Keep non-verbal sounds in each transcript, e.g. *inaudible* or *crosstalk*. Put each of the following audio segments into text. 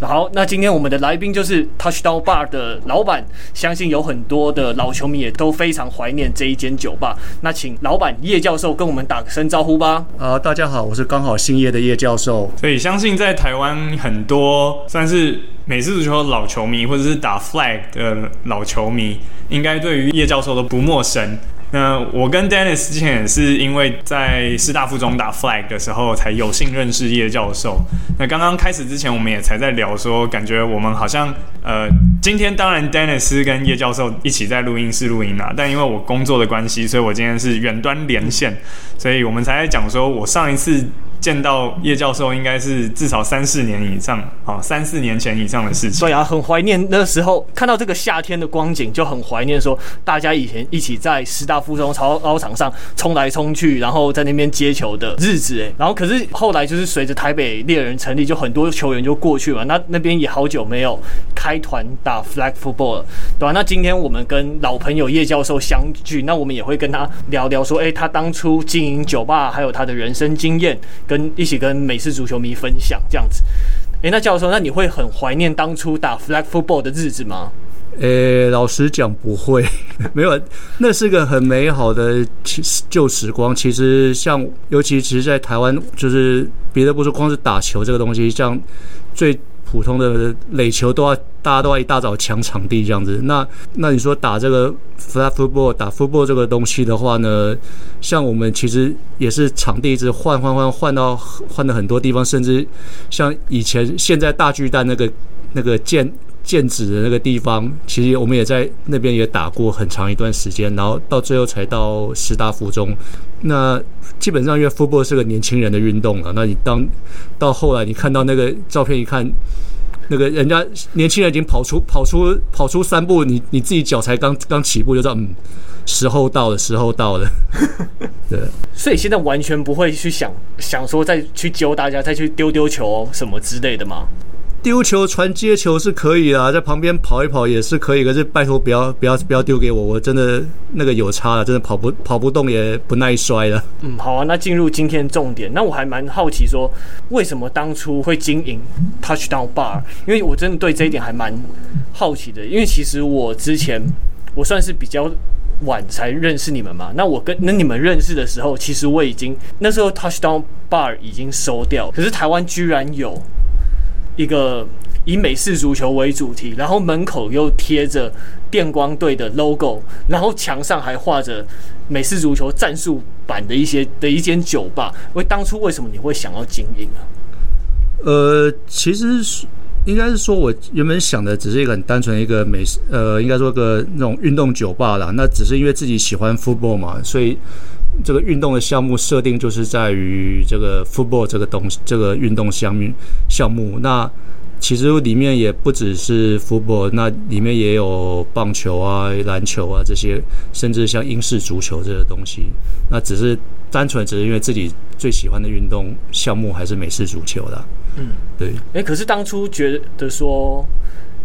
好，那今天我們的來賓就是 Touchdown Bar 的老闆，相信有很多的老球迷也都非常懷念這一間酒吧。那請老闆葉教授跟我們打個聲招呼吧。啊、呃，大家好，我是剛好姓葉的葉教授。所以相信在台灣很多算是美式足球的老球迷，或者是打 Flag 的老球迷，應該對於葉教授都不陌生。我跟 Dennis 之前也是因為在師大附中打 Flag 的時候，才有幸認識葉教授。那剛剛開始之前，我們也才在聊說，感覺我們好像……呃，今天當然 Dennis 跟葉教授一起在錄音室錄音啦，但因為我工作的關係，所以我今天是遠端連線，所以我們才在講說，我上一次見到葉教授應該是至少三四年以上，哦，三四年前以上的事情。對啊，很懷念那時候看到這個夏天的光景，就很懷念說大家以前一起在師大附中操操場上衝來衝去，然後在那邊接球的日子。哎，然後可是後來就是隨着台北獵人成立，就很多球員就過去了，那那邊也好久沒有開團打 flag football 了，對吧？那今天我們跟老朋友葉教授相聚，那我們也會跟他聊聊說，哎，他當初經營酒吧，還有他的人生經驗。跟一起跟美式足球迷分享這樣子，誒，那教授，那你會很懷念當初打 flag football 的日子嗎？呃、欸，老實講不會，沒有，那是個很美好的其舊時光。其實像，像尤其其實在台灣，就是別的不說，光是打球這個東西，像最。普通的壘球都要，大家都要一大早搶場地這樣子。那那你說打這個 flat football 打 football 這個東西的話呢，像我們其實也是場地一直換換換換到換了很多地方，甚至像以前現在大巨蛋那個那個間。劍指的那個地方，其實我們也在那邊也打過很長一段時間，然後到最後才到師大附中。那基本上因為 football 是個年輕人的運動啊，那你當到後來你看到那個照片一看，那個人家年輕人已經跑出跑出跑出三步，你你自己腳才剛剛起步，就知道嗯，時候到了，時候到了。 *laughs* 對，所以現在完全不會去想想說再去教大家再去丟丟球什麼之類的嗎？丟球、傳接球是可以啊，在旁邊跑一跑也是可以，可是拜託不要、不要、不要丟給我，我真的那個有差了啊，真的跑不跑不動，也不耐摔了。嗯，好啊，那進入今天的重點，那我還蠻好奇說，為什麼當初會經營 Touchdown Bar？因為我真的對這一點還蠻好奇的，因為其實我之前我算是比較晚才認識你們嘛，那我跟那你們認識的時候，其實我已經那時候 Touchdown Bar 已經收掉，可是台灣居然有。一個以美式足球為主題，然後門口又貼着電光隊的 logo，然後牆上還畫着美式足球戰術版的一些的一間酒吧。因為當初為什麼你會想要經營呢、啊？呃，其實應該是說我原本想的只是一個很單純的一個美，呃，應該說個那種運動酒吧啦。那只是因為自己喜歡 football 嘛，所以。這個運動的項目設定就是在於這個 football 這個東西，這個運動項目項目。那其實裡面也不只是 football，那裡面也有棒球啊、籃球啊這些，甚至像英式足球這些東西。那只是單純只是因為自己最喜歡的運動項目還是美式足球啦。嗯，對、欸。可是當初覺得說，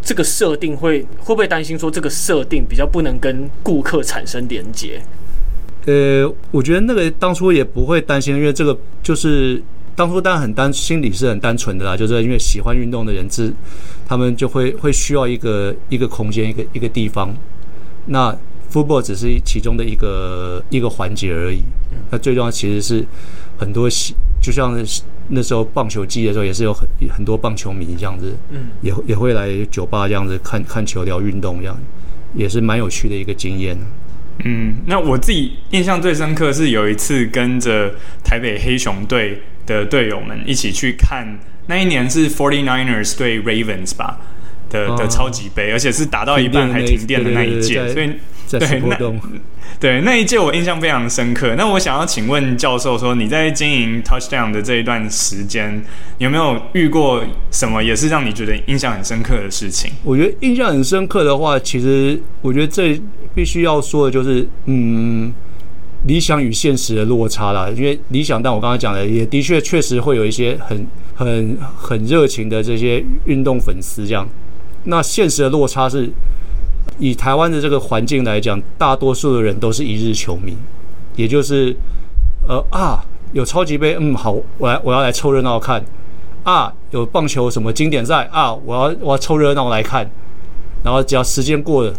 這個設定會會不會擔心說這個設定比較不能跟顧客產生連結？呃，我覺得那個當初也不會擔心，因為這個就是當初大家很單，心裡是很單純的啦，就是因為喜歡運動的人，質他們就會會需要一個一個空間，一個一個地方。那 football 只是其中的一個一個環節而已。那最重要的其實是很多，就像那時候棒球季的時候，也是有很很多棒球迷這樣子，嗯，也也會來酒吧這樣子看看球、聊運動，這樣子也是蠻有趣的一個經驗。嗯，那我自己印象最深刻是有一次跟着台北黑熊隊的隊友們一起去看，那一年是 Forty Niners 對 Ravens 吧的、啊、的超級盃，而且是打到一半還停電的那一屆，所以在在對那對那一屆我印象非常深刻。那我想要請問教授說，你在經營 Touchdown 的這一段時間，有沒有遇過什麼也是讓你覺得印象很深刻的事情？我覺得印象很深刻的話，其實我覺得這。必須要說的就是，嗯，理想與現實的落差啦。因為理想，但我剛才講的也的確確實會有一些很很很熱情的這些運動粉絲這樣。那現實的落差是，以台灣的這個環境來講，大多數的人都是一日球迷，也就是，呃啊，有超級盃，嗯好，我要我要來湊熱鬧看，啊有棒球什麼經典賽啊，我要我要湊熱鬧來看，然後只要時間過了。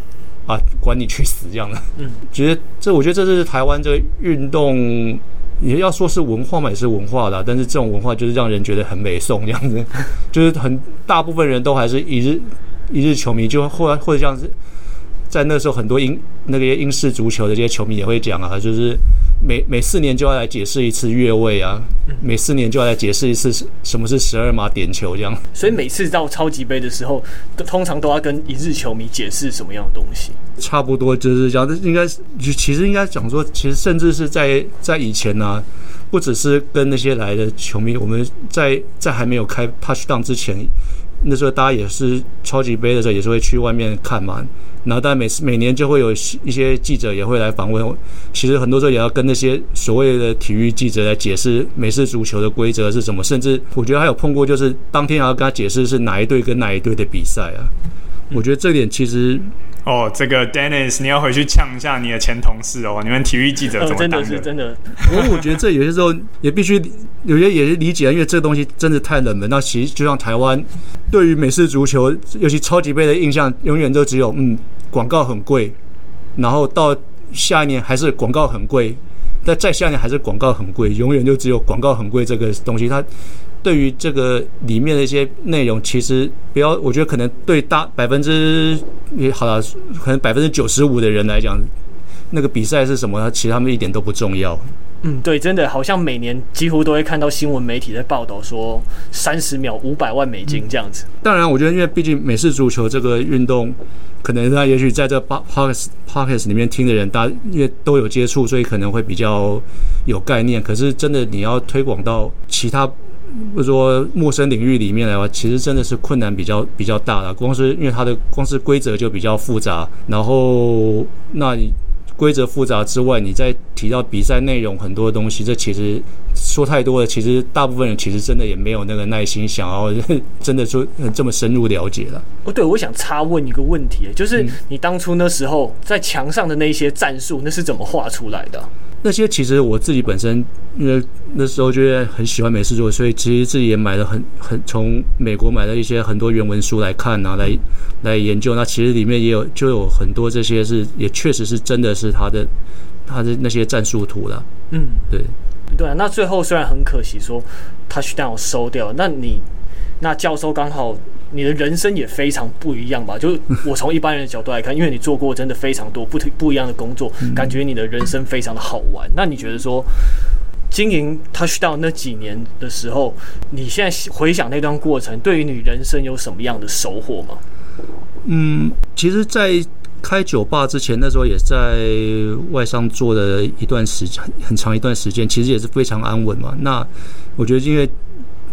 啊，管你去死這樣的。嗯，其實這，我覺得這是台灣這個運動，也要說是文化嘛，也是文化的，啊，但是這種文化就是讓人覺得很美頌這樣子，就是很大部分人都還是一日一日球迷就會，就或或者像是。在那時候，很多英那個英式足球的這些球迷也會講啊，就是每每四年就要來解釋一次越位啊，每四年就要來解釋一次什麼是十二碼點球這樣。所以每次到超級杯的時候，都通常都要跟一日球迷解釋什麼樣的東西。差不多就是這樣，應該其實應該講說，其實甚至是在在以前呢、啊，不只是跟那些來的球迷，我們在在還沒有開 Touchdown 之前，那時候大家也是超級杯的時候，也是會去外面看嘛。然後，但每次每年就會有一些記者也會來訪問我。其實很多時候也要跟那些所謂的體育記者來解釋美式足球的規則是什麼。甚至我覺得還有碰過，就是當天還要跟他解釋是哪一隊跟哪一隊的比賽啊、嗯。我覺得這點其實哦，這個 Dennis，你要回去嗆一下你的前同事哦。你們體育記者怎麼當的？哦、真的，是真的，我 *laughs* 我覺得這有些時候也必須有些也是理解，因為這個東西真的太冷門。那其實就像台灣對於美式足球，尤其超級杯的印象，永遠都只有嗯。廣告很貴，然後到下一年還是廣告很貴，但再下一年還是廣告很貴，永遠就只有廣告很貴這個東西。它對於這個裡面的一些內容，其實不要，我覺得可能對大百分之，好了，可能百分之九十五的人來講，那個比賽是什麼，其實他們一點都不重要。嗯，對，真的好像每年幾乎都會看到新聞媒體在報道說三十秒五百萬美金這樣子。當然，我覺得因為畢竟美式足球這個運動，可能他也許在這八 podcast podcast 裡面聽的人，大家因為都有接觸，所以可能會比較有概念。可是真的你要推廣到其他，或者說陌生領域裡面來的話，其實真的是困難比較比較大的。光是因為它的光是規則就比較複雜，然後那你。規則複雜之外，你在提到比賽內容很多的東西，這其實說太多了。其實大部分人其實真的也沒有那個耐心想要，呵呵，真的說這麼深入了解了。哦，對，我想插問一個問題，就是你當初那時候在牆上的那些戰術，嗯、那是怎麼畫出來的？那些其實我自己本身，因為那時候就很喜歡美式做。所以其實自己也買了很很從美國買了一些很多原文書來看啊，來來研究。那其實裡面也有就有很多這些是，也確實是真的是他的他的那些戰術圖了。嗯，對對啊。那最後雖然很可惜說，Touchdown 收掉了，那你那教授剛好。你的人生也非常不一樣吧？就是我從一般人的角度來看， *laughs* 因為你做過真的非常多不同不一樣的工作，感覺你的人生非常的好玩。嗯、那你覺得說經營 Touchdown 那幾年的時候，你現在回想那段過程，對於你人生有什麼樣的收穫嗎？嗯，其實，在開酒吧之前，那時候也在外商做了一段時間，很長一段時間，其實也是非常安穩嘛。那我覺得，因為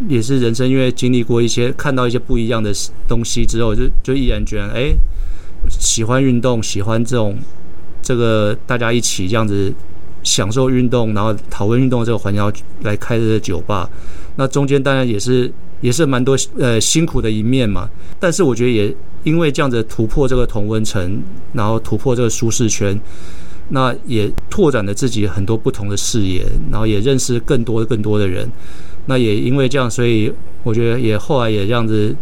也是人生，因為經歷過一些，看到一些不一樣的東西之後，就就毅然決然，哎、欸，喜歡運動，喜歡這種這個大家一起這樣子享受運動，然後討論運動這個環境，然後來開這個酒吧。那中間當然也是也是蠻多呃辛苦的一面嘛。但是我覺得也因為這樣子突破這個同溫層，然後突破這個舒適圈，那也拓展了自己很多不同的視野，然後也認識更多更多的人。那也因為這樣，所以我覺得也後來也這樣子，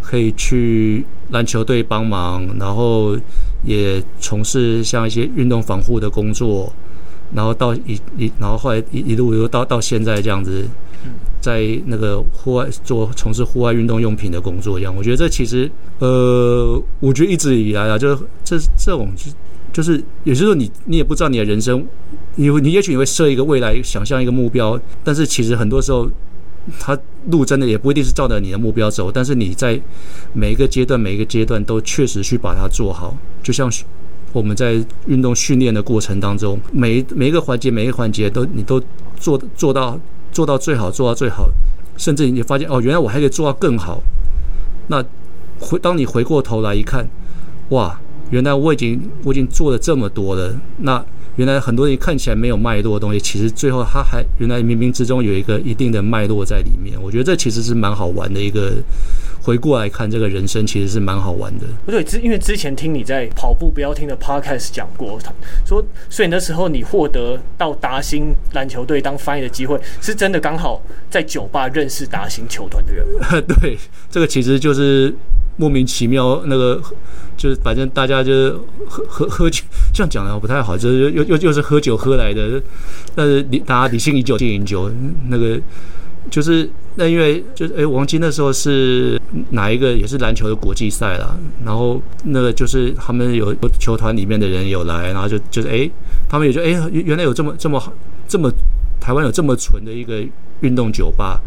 可以去籃球隊幫忙，然後也從事像一些運動防護的工作，然後到一一，然後後來一路又到到現在這樣子，在那個戶外做從事戶外運動用品的工作一樣。我覺得這其實，呃，我覺得一直以來啊，就是這這種就是，也就是說，你你也不知道你的人生，你你也許你會設一個未來，想象一個目標，但是其實很多時候。他路真的也不一定是照着你的目標走，但是你在每一個階段、每一個階段都確實去把它做好。就像我們在運動訓練的過程當中，每一每一個環節、每一個環節都你都做做到做到最好，做到最好，甚至你發現哦，原來我還可以做到更好。那回當你回過頭來一看，哇，原來我已經我已經做了這麼多了。那原來很多人看起來沒有脈絡的東西，其實最後他還原來冥冥之中有一個一定的脈絡在裡面。我覺得這其實是蠻好玩的一個回過來看這個人生，其實是蠻好玩的。不對，之因為之前聽你在跑步不要聽的 podcast 講過，說所以那時候你獲得到達欣籃球隊當翻譯的機會，是真的剛好在酒吧認識達欣球團的人。對，這個其實就是。莫名其妙，那個就是反正大家就是喝喝喝酒，這樣講的話不太好，就是又又又是喝酒喝來的。但是理大家理性飲酒，敬飲酒。那個就是那因為就是，哎、欸，王晶那時候是哪一個也是籃球的國際賽啦，然後那個就是他們有球團裡面的人有來，然後就就是哎、欸，他們也就哎、欸，原來有這麼這麼好，這麼，這麼台灣有這麼純的一個運動酒吧。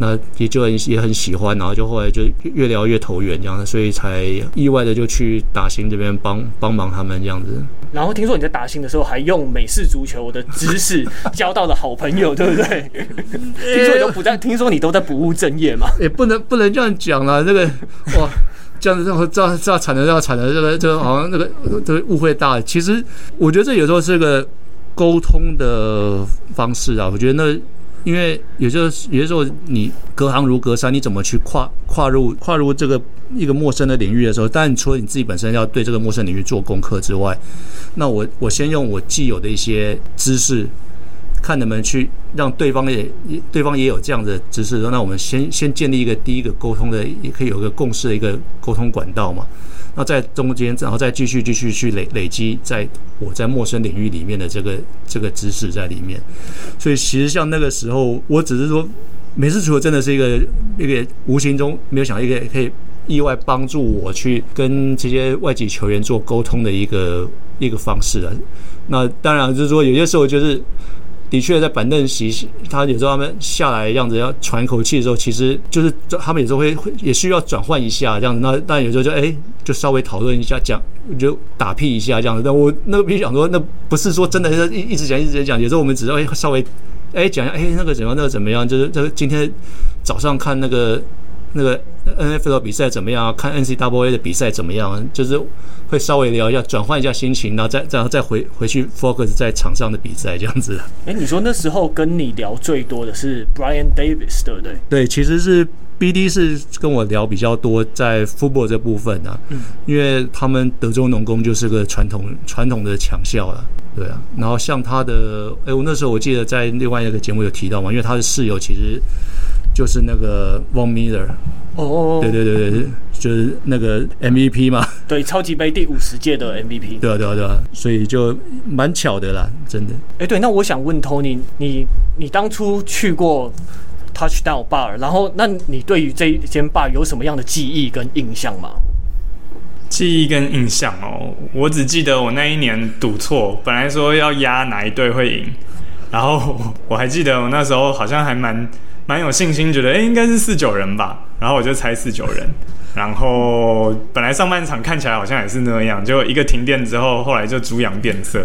那也就很也很喜歡，然後就後來就越聊越投緣，這樣子，所以才意外的就去達欣這邊幫幫忙他們這樣子。然後聽說你在達欣的時候還用美式足球的知識交到了好朋友， *laughs* 對不對？聽說你都不在，聽說你都在不務正業嘛、欸？也、欸、不能不能這樣講了、啊，這、那個哇，這樣子這樣這樣慘的這樣慘的，這個這個好像這、那個都誤會大。其實我覺得這有時候是個溝通的方式啊，我覺得那。因為有些有時候，有時候你隔行如隔山，你怎麼去跨跨入跨入這個一個陌生的領域的時候？但除了你自己本身要對這個陌生領域做功課之外，那我我先用我既有的一些知識，看能不能去讓對方也對方也有這樣的知識，那我們先先建立一個第一個溝通的，也可以有一個共識的一個溝通管道嘛。那在中間，然後再繼續繼續去累累積，在我在陌生領域裡面的這個這個知識在裡面，所以其實像那個時候，我只是說，美式足球真的是一個一個無形中沒有想到一個可以意外幫助我去跟這些外籍球員做溝通的一個一個方式了、啊。那當然就是說，有些時候就是。的確，在板凳席，他有時候他們下來樣子要喘一口氣的時候，其實就是他們有時候會，會也需要轉換一下這樣子。那那有時候就哎、欸，就稍微討論一下，講就打屁一下這樣子。但我那個必須講說，那不是說真的，一直講一直講，有時候我們只是會稍微哎、欸、講一下、欸，哎那個怎樣，那個怎麼樣，就是這個今天早上看那個。那個 NFL 比賽怎麼樣、啊？看 NCAA 的比賽怎麼樣、啊？就是會稍微聊一下，要轉換一下心情、啊，然後再然後再，再回回去 focus 在場上的比賽這樣子。哎、欸，你說那時候跟你聊最多的是 Brian Davis，對不對？對，其實是 BD 是跟我聊比較多在 football 這部分啊，嗯，因為他們德州農工就是個傳統傳統的強校了，對啊。然後像他的，哎、欸，我那時候我記得在另外一個節目有提到嘛，因為他的室友其實。就是那個 Von Miller，哦，對對對對，就是那個 MVP 嘛、oh，oh oh. *laughs* 對，超級杯第五十屆的 MVP， *laughs* 對啊對啊對啊，所以就蠻巧的啦，真的。哎、欸，對，那我想問 Tony，你你，你當初去過 Touchdown Bar，然後那你對於這間 bar 有什麼樣的記憶跟印象嗎？記憶跟印象哦，我只記得我那一年賭錯，本來說要壓哪一隊會贏，然後我還記得我那時候好像還蠻。蠻有信心，覺得哎、欸，應該是四九人吧，然後我就猜四九人。然後本來上半場看起來好像也是那樣，就一個停電之後，後來就豬羊變色。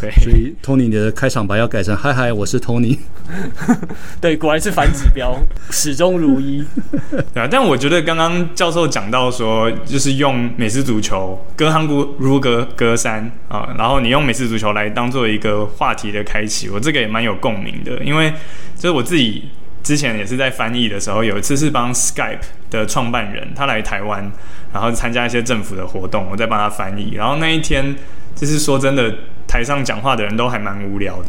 對，所以 Tony 你的開場白要改成“嗨嗨，我是 Tony”。 *laughs* 對，果然是反指標， *laughs* 始終如一。 *laughs* 對啊，但我覺得剛剛教授講到說，就是用美式足球隔行如隔隔山啊，然後你用美式足球來當做一個話題的開啟，我這個也蠻有共鳴的，因為就是我自己。之前也是在翻譯的時候，有一次是幫 Skype 的創辦人，他來台灣，然後參加一些政府的活動，我在幫他翻譯。然後那一天，就是說真的，台上講話的人都還蠻無聊的。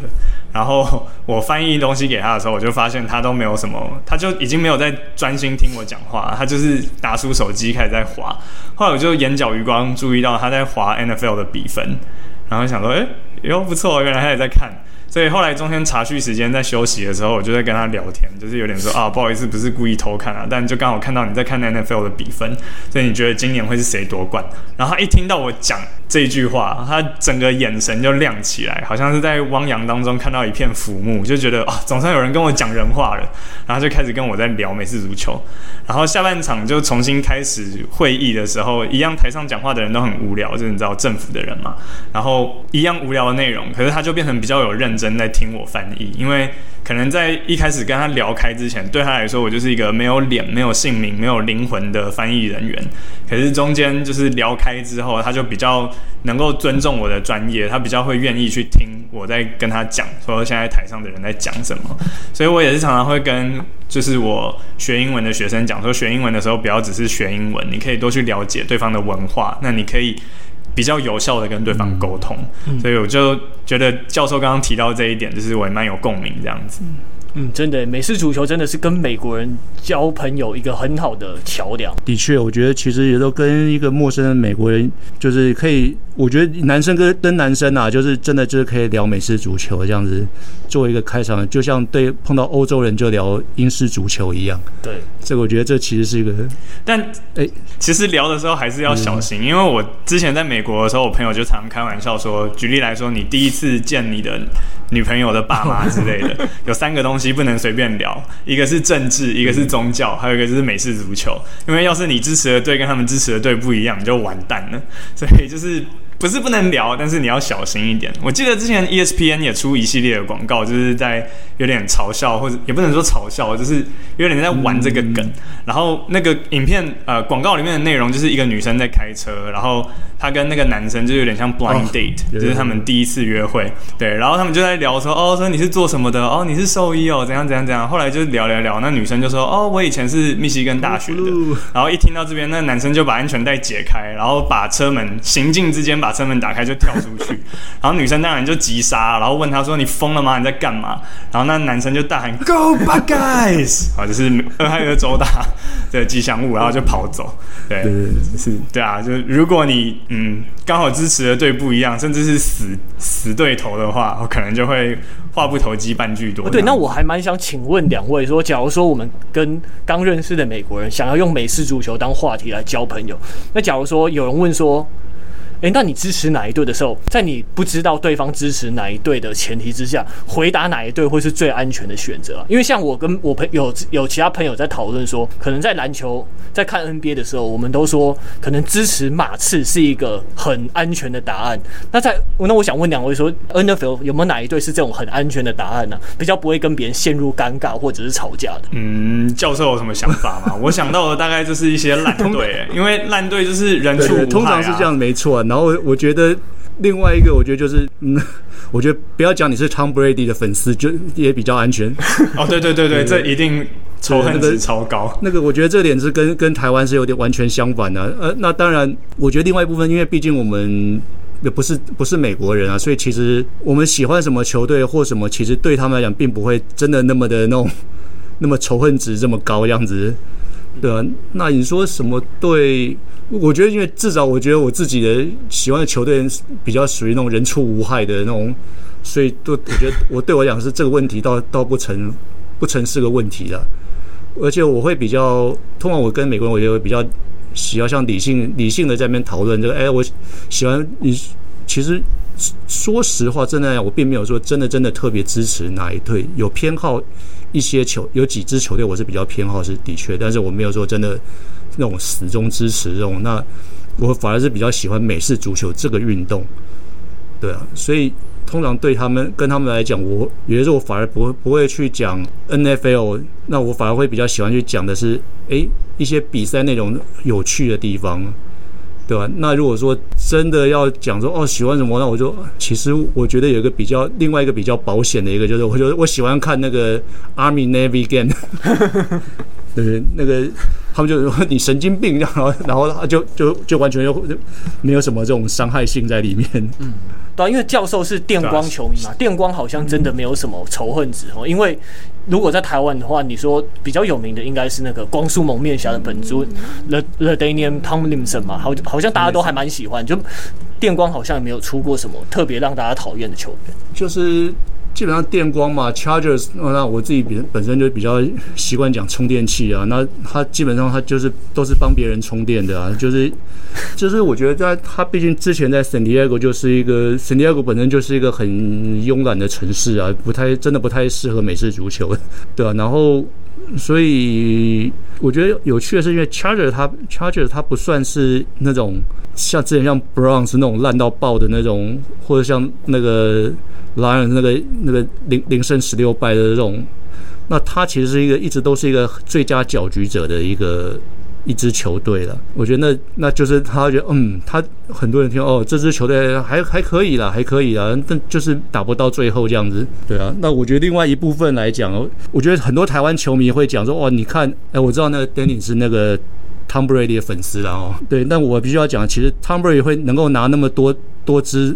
然後我翻譯東西給他的時候，我就發現他都沒有什麼，他就已經沒有在專心聽我講話，他就是拿出手機開始在滑。後來我就眼角餘光注意到他在滑 NFL 的比分。然後想說，哎、欸，喲，不錯，原來他也在看。所以後來中間茶敘時間在休息的時候，我就在跟他聊天，就是有點說啊，不好意思，不是故意偷看啊，但就剛好看到你在看 NFL 的比分。所以你覺得今年會是誰奪冠？然後他一聽到我講這一句話，他整個眼神就亮起來，好像是在汪洋當中看到一片浮木，就覺得啊、哦，總算有人跟我講人話了。然後就開始跟我在聊美式足球。然後下半場就重新開始會議的時候，一樣台上講話的人都很無聊，就是你知道政府的人嘛。然後。一樣無聊的內容，可是他就變成比較有認真在聽我翻譯，因為可能在一開始跟他聊開之前，對他來說我就是一個沒有臉、沒有姓名、沒有靈魂的翻譯人員。可是中間就是聊開之後，他就比較能夠尊重我的專業，他比較會願意去聽我在跟他講說現在台上的人在講什麼。所以我也是常常會跟就是我學英文的學生講說，學英文的時候不要只是學英文，你可以多去了解對方的文化。那你可以。比較有效的跟對方溝通。嗯，嗯嗯，所以我就覺得教授剛剛提到這一點，就是我也蠻有共鳴這樣子。嗯。嗯嗯嗯嗯，真的、欸，美式足球真的是跟美國人交朋友一個很好的橋梁。的確，我覺得其實也都跟一個陌生的美國人，就是可以，我覺得男生跟跟男生啊，就是真的就是可以聊美式足球這樣子，做一個開場，就像對碰到歐洲人就聊英式足球一樣。對，這個我覺得這其實是一個，但哎，其實聊的時候還是要小心，因為我之前在美國的時候，我朋友就常開玩笑說，舉例來說，你第一次見你的女朋友的爸媽之類的，有三個東西。不能隨便聊，一個是政治，一個是宗教，嗯、還有一個就是美式足球。因為要是你支持的隊跟他們支持的隊不一樣，你就完蛋了。所以就是不是不能聊，但是你要小心一點。我記得之前 ESPN 也出一系列的廣告，就是在有點嘲笑，或者也不能說嘲笑，就是有點在玩這個梗。嗯嗯嗯嗯。然後那個影片，呃，廣告裡面的內容就是一個女生在開車，然後。他跟那個男生就有點像 blind date，oh, yeah, yeah, yeah. 就是他們第一次約會。對，然後他們就在聊說，哦，說你是做什麼的？哦，你是獸醫哦，怎樣怎樣怎樣。後來就聊聊聊，那女生就說，哦，我以前是密西根大學的。然後一聽到這邊，那男生就把安全帶解開，然後把車門行進之間把車門打開就跳出去。 *laughs* 然後女生當然就急剎，然後問他說，你瘋了嗎？你在幹嘛？然後那男生就大喊 *laughs* ，Go Bucks guys！ *laughs* 啊，就是俄亥俄州大的吉祥物，然後就跑走。對，對是，對啊，就是如果你。嗯，剛好支持的隊不一樣，甚至是死死對頭的話，我可能就會話不投機半句多。對，那我還蠻想請問兩位說，說假如說我們跟剛認識的美國人想要用美式足球當話題來交朋友，那假如說有人問說。誒、欸，那你支持哪一隊的時候，在你不知道對方支持哪一隊的前提之下，回答哪一隊會是最安全的選擇，啊？因為像我跟我朋友有有其他朋友在討論說，可能在籃球在看 NBA 的時候，我們都說可能支持馬刺是一個很安全的答案。那在那我想問兩位說 NFL 有沒有哪一隊是這種很安全的答案呢，啊？比較不會跟別人陷入尷尬或者是吵架的？嗯，教授有什麼想法嗎？ *laughs* 我想到的大概就是一些爛隊，欸，因為爛隊就是人畜無害啊， *laughs* 通常是這樣沒錯。然後我覺得另外一個，我覺得就是，嗯，我覺得不要講你是 Tom Brady 的粉絲，就也比較安全。哦，對對對 *laughs* 對，對，對，這一定仇恨值超高。那個，那個、我覺得這點是跟跟台灣是有點完全相反的、啊。呃，那當然，我覺得另外一部分，因為畢竟我們也不是不是美國人啊，所以其實我們喜歡什麼球隊或什麼，其實對他們來講，並不會真的那麼的那種那麼仇恨值這麼高的樣子，對啊，那你說什麼對？我覺得，因為至少我覺得我自己的喜歡的球隊比較屬於那種人畜無害的那種，所以都我覺得我對我講是這個問題倒倒不成不成是個問題了。而且我會比較，通常我跟美國人，我覺得我比較喜歡像理性理性的在那邊討論這個。哎，我喜歡你。其實說實話，真的，我並沒有說真的真的特別支持哪一隊，有偏好一些球，有幾支球隊我是比較偏好，是的確，但是我沒有說真的。那種始終支持這種，那我反而是比較喜歡美式足球這個運動，對啊，所以通常對他們跟他們來講，我有的時候我反而不會、不會去講 NFL，那我反而會比較喜歡去講的是，哎、欸，一些比賽內容有趣的地方，對吧、啊？那如果說真的要講說哦，喜歡什麼，那我就其實我覺得有一個比較另外一個比較保險的一個，就是我覺得我喜歡看那個 Army Navy Game。 *laughs* 對，那個他們就說你神經病，然後然後就就就完全又就沒有什麼這種傷害性在裡面。嗯，對、啊，因為教授是電光球迷嘛、啊，電光好像真的沒有什麼仇恨值哦、嗯。因為如果在台灣的話，你說比較有名的應該是那個光速蒙面俠的本尊，LaDainian、嗯嗯、LaDainian Tomlinson 嘛，好好像大家都還蠻喜歡。就電光好像也沒有出過什麼特別讓大家討厭的球員，就是。基本上電光嘛，Chargers，那我自己比本身就比較習慣講充電器啊。那它基本上它就是都是幫別人充電的啊，就是就是我覺得在它畢竟之前在聖地亞哥，就是一個聖地亞哥本身就是一個很慵懶的城市啊，不太真的不太適合美式足球的，對啊，然後所以我覺得有趣的是，因為 Charger 它 Charger 它不算是那種像之前像 Browns 那種爛到爆的那種，或者像那個來那個那個零零勝十六敗的這種，那他其實是一個一直都是一個最佳攪局者的一個一支球隊了。我覺得那，那就是他覺得，嗯，他很多人聽哦，這支球隊還還可以啦，還可以啦，但就是打不到最後這樣子。對啊，那我覺得另外一部分來講，我覺得很多台灣球迷會講說，哦，你看，哎、欸，我知道那個丹尼是那個湯布瑞迪的粉絲了哦。對，那我必須要講，其實湯布瑞也會能夠拿那麼多多支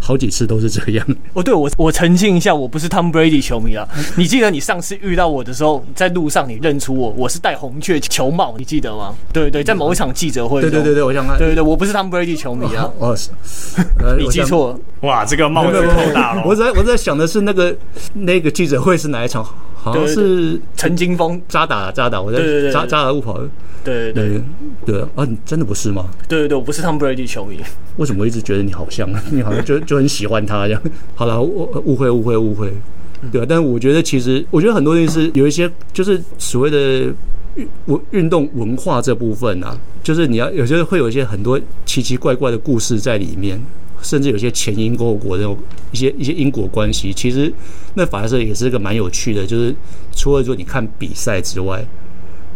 好幾次都是這樣，對。哦，對我，我澄清一下，我不是 Tom Brady 球迷啊。 *laughs* 你記得你上次遇到我的時候，在路上你認出我，我是戴紅雀球帽，你記得嗎？對對，對，在某一場記者會、嗯。對對對，對，我想看。對對，對，我不是 Tom Brady 球迷啊。哦，哦哦呃、 *laughs* 你記錯了。哇，這個帽子夠大了。我，我在我在想的是那個那個記者會是哪一場？好像是陳金鋒渣打渣打，我在渣渣打、爾跑。對對對、欸、對啊！你真的不是嗎？對對對，我不是湯姆布萊迪球迷。為什麼我一直覺得你好像，你好像就就很喜歡他這樣？好了，我誤會誤會誤會。對，但是我覺得其實，我覺得很多東西是有一些，就是所謂的運我運動文化這部分啊，就是你要有些會有一些很多奇奇怪怪的故事在裡面。甚至有些前因後果那種一些一些因果關係，其實那反而也是一個蠻有趣的。就是除了說你看比賽之外，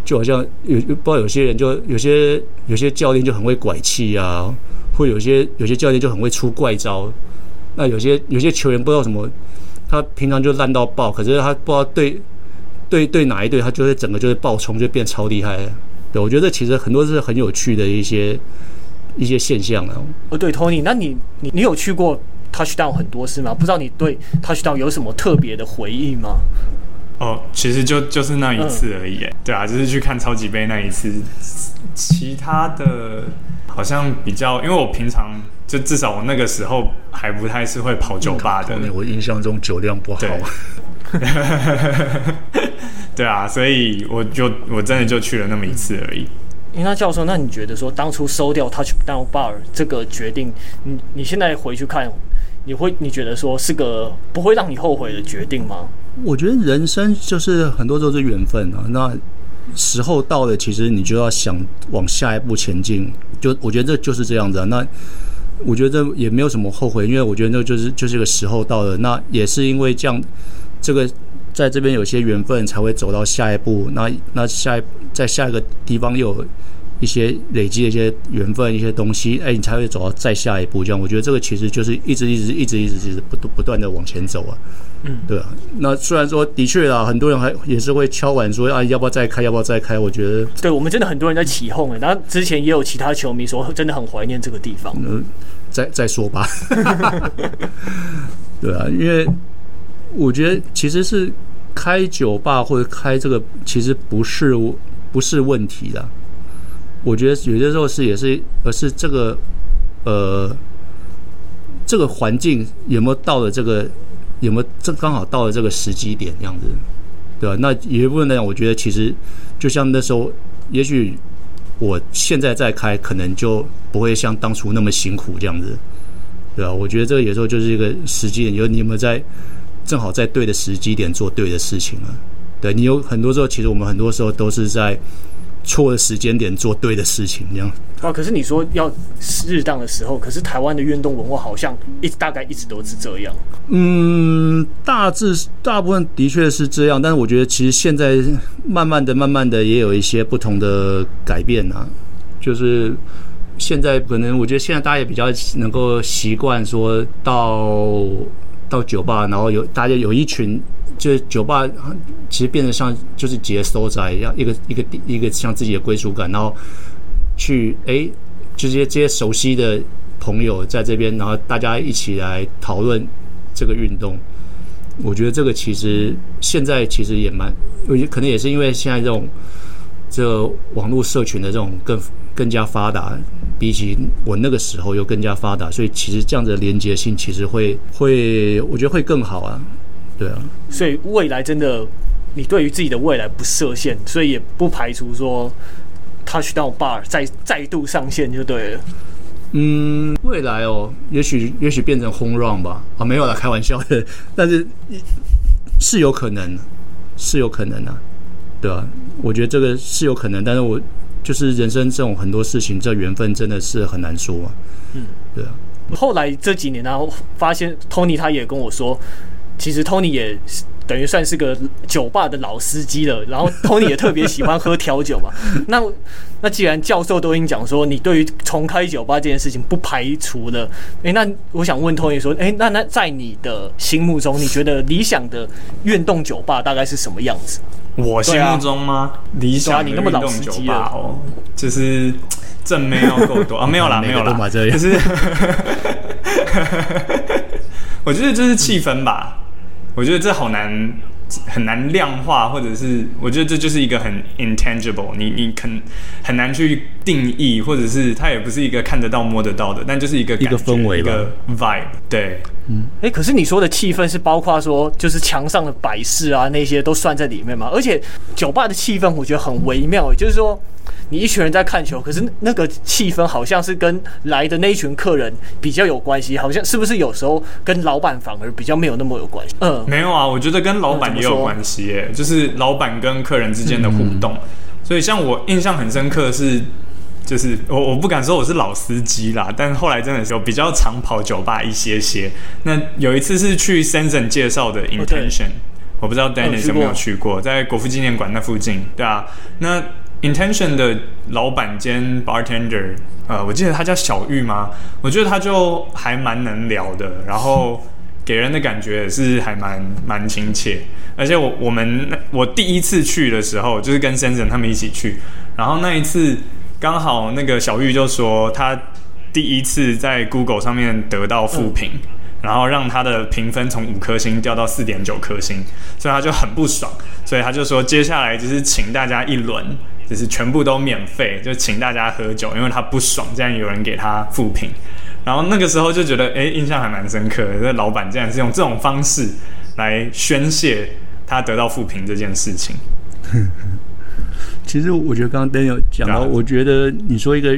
就好像有不知道有些人就有些有些教練就很會拐氣啊，會有些有些教練就很會出怪招。那有些有些球員不知道什麼，他平常就爛到爆，可是他不知道對對對，對哪一隊，他就會整個就會爆衝，就變超厲害。對，我覺得這其實很多是很有趣的一些。一些現象呢。哦，對，Tony，那你你你有去過 Touchdown 很多次嗎？不知道你對 Touchdown 有什麼特別的回憶嗎？哦，其實就就是那一次而已，嗯。對啊，就是去看超級盃那一次。其他的好像比較，因為我平常就至少我那個時候還不太是會跑酒吧的。嗯、Tony, 我印象中酒量不好對。 *laughs* *laughs* 對啊，所以我就我真的就去了那麼一次而已。葉教授，那你覺得說當初收掉 Touchdown Bar 這個決定，你你現在回去看，你會你覺得說是個不會讓你後悔的決定嗎？我覺得人生就是很多時候是緣分啊，那時候到了，其實你就要想往下一步前進。就我覺得這就是這樣子啊。那我覺得這也沒有什麼後悔，因為我覺得那就是就是個時候到了，那也是因為這樣這個。在這邊有些緣分才會走到下一步，那那下一在下一個地方又有一些累積的一些緣分一些東西，哎，你才會走到再下一步。這樣，我覺得這個其實就是一直一直一直一直一直不斷的往前走啊。嗯，對啊。那雖然說的確啊，很多人還也是會敲碗說啊，要不要再開，要不要再開？我覺得，對我們真的很多人在起哄哎、欸，那之前也有其他球迷說，真的很懷念這個地方。嗯，再再說吧。 *laughs* 對啊，因為。我覺得其實是開酒吧或者開這個其實不是不是問題的啊。我覺得有些時候是也是而是這個呃這個環境有沒有到了這個有沒有正剛好到了這個時機點這樣子，對吧？那有一部分來講，我覺得其實就像那時候，也許我現在再開，可能就不會像當初那麼辛苦這樣子，對吧？我覺得這個有時候就是一個時機點，有你有沒有在。正好在對的時機點做對的事情了，對你有很多時候，其實我們很多時候都是在錯的時間點做對的事情，這樣啊。可是你說要適當的時候，可是台灣的運動文化好像一大概一直都是這樣。嗯，大致大部分的確是這樣，但是我覺得其實現在慢慢的、慢慢的也有一些不同的改變啊。就是現在可能我覺得現在大家也比較能夠習慣說到。到酒吧，然後有大家有一群，就是酒吧其實變得像就是幾個所在一樣，一個一個一個像自己的歸屬感，然後去哎，誒這些這些熟悉的朋友在這邊，然後大家一起來討論這個運動。我覺得這個其實現在其實也蠻，我可能也是因為現在這種。這網絡社群的這種更更加發達，比起我那個時候又更加發達，所以其實這樣的連接性其實會會，我覺得會更好啊，對啊。所以未來真的，你對於自己的未來不設限，所以也不排除說 Touchdown Bar 再再度上線就對了。嗯，未來哦，也許也許變成 Home Run 吧，啊，沒有啦，開玩笑的，但是是有可能，是有可能啊。對啊，我覺得這個是有可能，但是我就是人生這種很多事情，這緣分真的是很難說啊。嗯，對啊。後來這幾年啊，然後發現 Tony 他也跟我說，其實 Tony 也。等於算是個酒吧的老司機了，然後托尼也特別喜歡喝調酒嘛。 *laughs* 那那既然教授都已經講說，你對於重開酒吧這件事情不排除了，哎、欸，那我想問托尼說，哎、欸，那那在你的心目中，你覺得理想的運動酒吧大概是什麼樣子？我心目中嗎？啊、理想的運動酒吧、啊、你那麼老司機哦，就是正面要夠多 *laughs* 啊，沒有啦，沒有啦，這也、就是， *laughs* *laughs* 我覺得這是氣氛吧。我覺得這好難，很難量化，或者是我覺得這就是一個很 intangible，你你很很難去定義，或者是它也不是一個看得到摸得到的，但就是一個一個氛圍吧，一個 vibe，對，嗯，哎、欸，可是你說的氣氛是包括說就是牆上的擺飾啊，那些都算在裡面嗎？而且酒吧的氣氛我覺得很微妙，嗯、就是說。一群人在看球，可是那個氣氛好像是跟來的那群客人比較有關係，好像是不是有時候跟老板反而比較沒有那麼有關係？嗯，沒有啊，我覺得跟老板也有關係、欸、就是老板跟客人之間的互動、嗯嗯嗯。所以像我印象很深刻的是，就是我我不敢說我是老司機啦，但後來真的是比較常跑酒吧一些些。那有一次是去 Sanson 介紹的 Intention，、哦、我不知道 Danny 有沒有去過，哦、去過在國父紀念館那附近，對啊，那。Intention 的老闆兼 bartender，呃，我記得他叫小玉嗎？我覺得他就還蠻能聊的，然後給人的感覺也是還蠻蠻親切。而且我我們我第一次去的時候，就是跟森森他們一起去，然後那一次剛好那個小玉就說他第一次在 Google 上面得到負評，嗯，然後讓他的評分從五顆星掉到四點九顆星，所以他就很不爽，所以他就說接下來就是請大家一輪。就是全部都免費，就請大家喝酒，因為他不爽，竟然有人給他負評。然後那個時候就覺得，哎、欸，印象還蠻深刻的。這個、老闆竟然是用這種方式來宣泄他得到負評這件事情。 *laughs* 其實我覺得剛剛燈有講到，然後我覺得你說一個。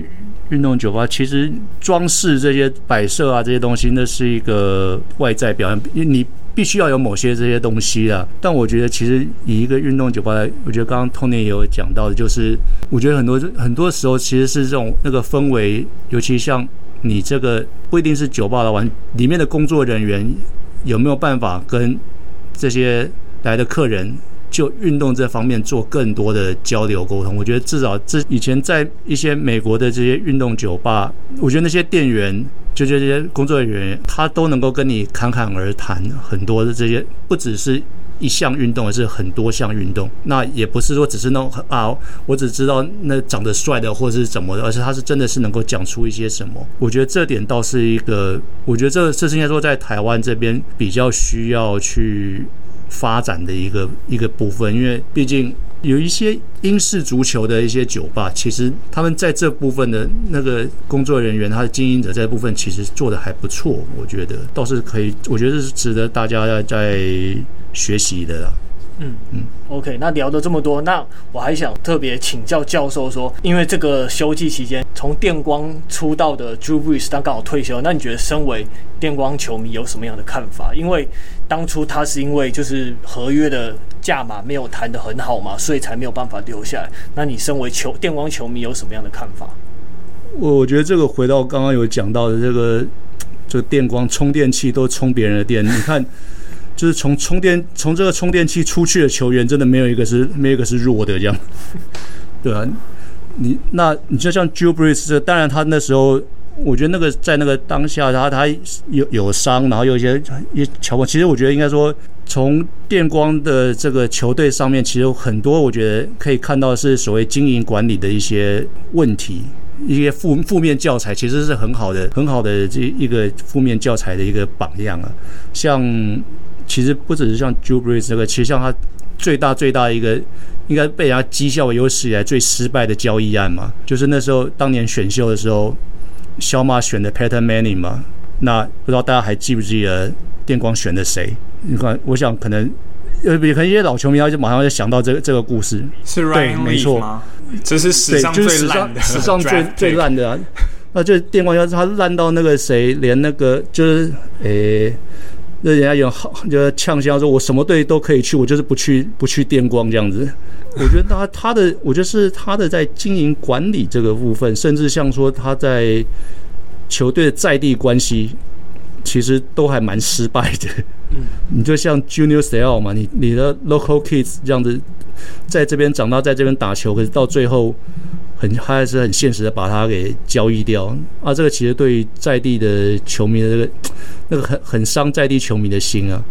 運動酒吧其實裝飾這些擺設啊，這些東西那是一個外在表現，你必須要有某些這些東西啊，但我覺得，其實以一個運動酒吧來，我覺得剛剛 Tony 也有講到的，就是我覺得很多很多時候其實是這種那個氛圍，尤其像你這個不一定是酒吧的玩裡面的工作人員有沒有辦法跟這些來的客人。就運動這方面做更多的交流溝通，我覺得至少這以前在一些美國的這些運動酒吧，我覺得那些店員就，就這些工作人員，他都能夠跟你侃侃而談很多的這些，不只是一項運動，而是很多項運動。那也不是說只是那種很啊，我只知道那長得帥的或者是怎麼的，而是他是真的是能夠講出一些什麼。我覺得這點倒是一個，我覺得這這是應該說在台灣這邊比較需要去。發展的一個一個部分，因為畢竟有一些英式足球的一些酒吧，其實他們在這部分的那個工作人員，他的經營者在這部分其實做得還不錯，我覺得倒是可以，我覺得是值得大家要在，在學習的啦。嗯嗯，OK，那聊了這麼多，那我還想特別請教教授說，因為這個休季期間，從電光出道的 Drew Brees，他剛好退休，那你覺得身為電光球迷有什麼樣的看法？因為當初他是因為就是合約的價碼沒有談得很好嘛，所以才沒有辦法留下來。那你身為球電光球迷有什麼樣的看法？我我覺得這個回到剛剛有講到的這個，就電光充電器都充別人的電，你看。 *laughs* 就是從充電從這個充電器出去的球員，真的沒有一個是沒有一個是弱的這樣，對啊，你那，你就像 Drew Brees，當然他那時候，我覺得那個在那個當下，然後他有有傷，然後有一些也情況。其實我覺得應該說，從電光的這個球隊上面，其實很多我覺得可以看到是所謂經營管理的一些問題，一些負負面教材其實是很好的很好的這一個負面教材的一個榜樣啊，像。其實不只是像 Jubilee 這個，其實像他最大最大的一個，應該被人家譏笑為有史以來最失敗的交易案嘛。就是那時候當年選秀的時候，小馬選的 Peyton Manning 嘛。那不知道大家還記不記得電光選的誰？你看，我想可能呃，也可能一些老球迷他就馬上就想到這個這個故事。是 Ryan 嗎？這是史上最就是史上最最爛的、啊。那就是電光要是他爛到那個誰，連那個就是誒。欸這人家有好，就嗆聲說：“我什麼隊都可以去，我就是不去，不去電光這樣子。”我覺得他他的，我就是他的在經營管理這個部分，甚至像說他在球隊的在地關係，其實都還蠻失敗的。嗯，你就像 Junior Seau 嘛，你你的 Local Kids 這樣子，在這邊長大，在這邊打球，可是到最後。很他還是很現實的，把它給交易掉啊！這個其實對於在地的球迷的這個那個很很傷在地球迷的心啊，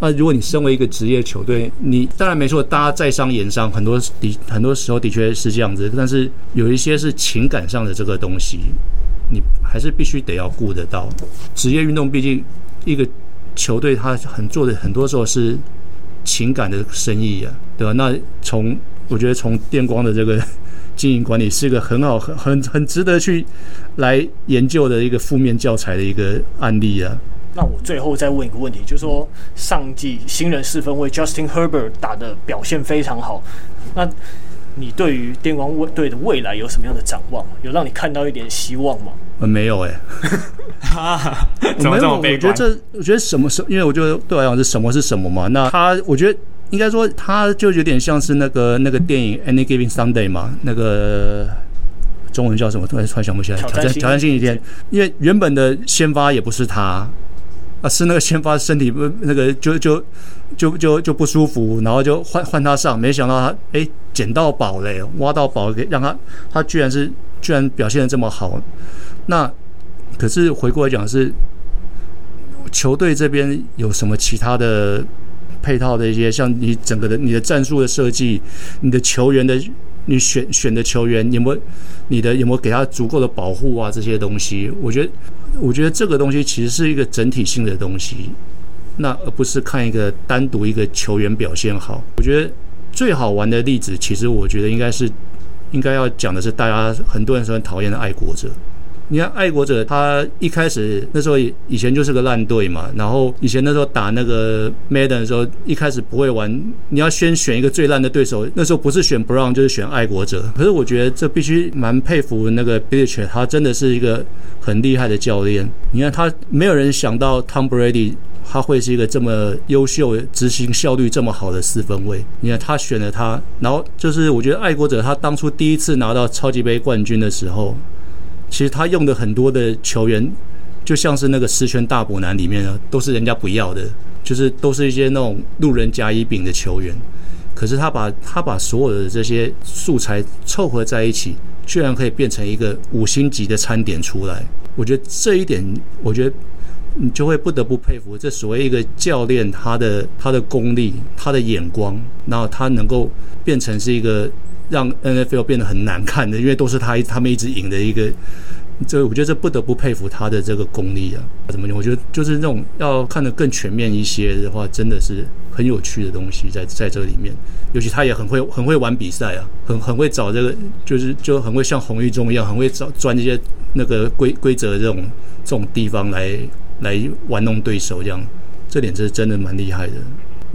啊！那如果你身為一個職業球隊，你當然沒錯，大家在商言商，很多的很多時候的確是這樣子。但是有一些是情感上的這個東西，你還是必須得要顧得到。職業運動畢竟一個球隊，他很做的很多時候是情感的生意啊。對吧、啊？那從我覺得從電光的這個。經營管理是一個很好，很很很值得去來研究的一個負面教材的一個案例啊。那我最後再問一個問題，就是說上季新人四分衛 Justin Herbert 打的，表現非常好，那你對於電光隊的未來有什麼樣的展望？有讓你看到一點希望嗎？嗯、沒有哎、欸， *laughs* *laughs* 怎麼這麼悲觀？我覺得這，我覺得什麼是因為我覺得對我來講是什麼是什麼嘛？那他，我覺得。應該說，他就有點像是那個那個電影《Any Given Sunday》嘛，那個中文叫什麼？突然突然想不起來。挑戰挑戰星期天，因為原本的先發也不是他啊，是那個先發身體不那個就就就就就不舒服，然後就換換他上。沒想到他哎撿、欸、到寶了，挖到寶，給讓他他居然是居然表現得這麼好。那可是回過來講是球隊這邊有什麼其他的？配套的一些，像你整個的，你的戰術的設計、你的球員的你選選的球員，有沒有你的有沒有給他足夠的保護啊？這些東西，我覺得，我覺得這個東西其實是一個整體性的東西，那而不是看一個單獨一個球員表現好。我覺得最好玩的例子，其實我覺得應該是應該要講的是大家很多人說很討厭的愛國者。你看，愛國者他一開始那時候以以前就是個爛隊嘛，然後以前那時候打那個 Madden 的時候，一開始不會玩，你要先選一個最爛的對手。那時候不是選 Brown 就是選愛國者。可是我覺得這必須蠻佩服那個 Belichick，他真的是一個很厲害的教練。你看他沒有人想到 Tom Brady 他會是一個這麼優秀、執行效率這麼好的四分衛。你看他選了他，然後就是我覺得愛國者他當初第一次拿到超級盃冠軍的時候。其實他用的很多的球員，就像是那個《十全大補男》裡面啊，都是人家不要的，就是都是一些那種路人甲乙丙的球員。可是他把他把所有的這些素材湊合在一起，居然可以變成一個五星級的餐點出來。我覺得這一點，我覺得你就會不得不佩服這所謂一個教練，他的他的功力，他的眼光，然後他能夠變成是一個。讓 NFL 變得很難看的，因為都是他他們一直贏的一個，這我覺得這不得不佩服他的這個功力啊！怎麼講？我覺得就是那種要看得更全面一些的話，真的是很有趣的東西在在這裡面。尤其他也很會很會玩比賽啊，很很會找這個，就是就很會像洪一中一樣，很會找鑽一些那個規規則這種這種地方來來玩弄對手這樣，這點是真的蠻厲害的。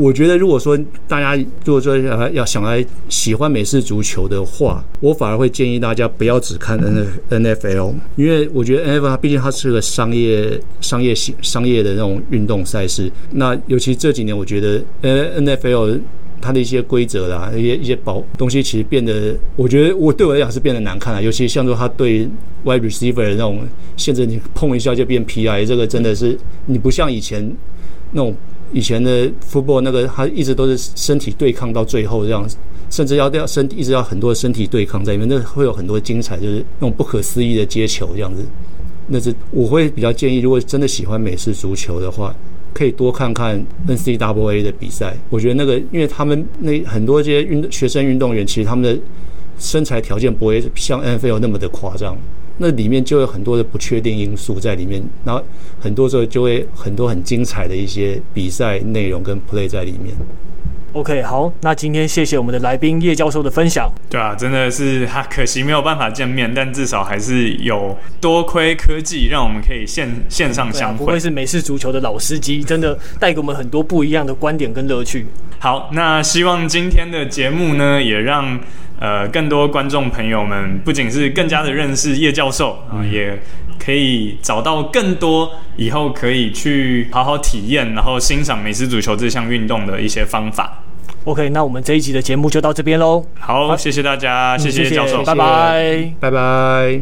我覺得，如果說大家如果說呃要想來喜歡美式足球的話，我反而會建議大家不要只看 N N F L，因為我覺得 N F L 畢竟它是個商業商業性商業的那種運動賽事。那尤其這幾年，我覺得 N N F L 它的一些規則啦，一些一些保東西，其實變得我覺得我對我來講是變得難看了、啊。尤其像說它對 Wide Receiver 的那種限制，你碰一下就變 PI 這個真的是你不像以前那種。以前的 football 那個，他一直都是身體對抗到最後這樣，甚至要要身體一直要很多身體對抗在裡面，那會有很多精彩，就是那種不可思議的接球這樣子。那是我會比較建議，如果真的喜歡美式足球的話，可以多看看 NCAA 的比賽。我覺得那個，因為他們那很多這些運學生運動員，其實他們的身材條件不會像 NFL 那麼的誇張。那裡面就有很多的不確定因素在裡面，然後很多時候就會很多很精彩的一些比賽內容跟 play 在裡面。OK，好，那今天謝謝我們的來賓葉教授的分享。對啊,真的是哈、啊，可惜沒有辦法見面，但至少還是有多虧科技讓我們可以線線上相會對對，啊。不愧是美式足球的老司機，真的帶給我們很多 *laughs* 不一樣的觀點跟樂趣。好，那希望今天的節目呢，也讓。呃，更多觀眾朋友們不僅是更加的認識葉教授，嗯、也可以找到更多以後可以去好好體驗，然後欣賞美式足球這項運動的一些方法。OK，那我們這一集的節目就到這邊嘍。好，謝謝大家，嗯、謝謝教授謝謝，拜拜，拜拜。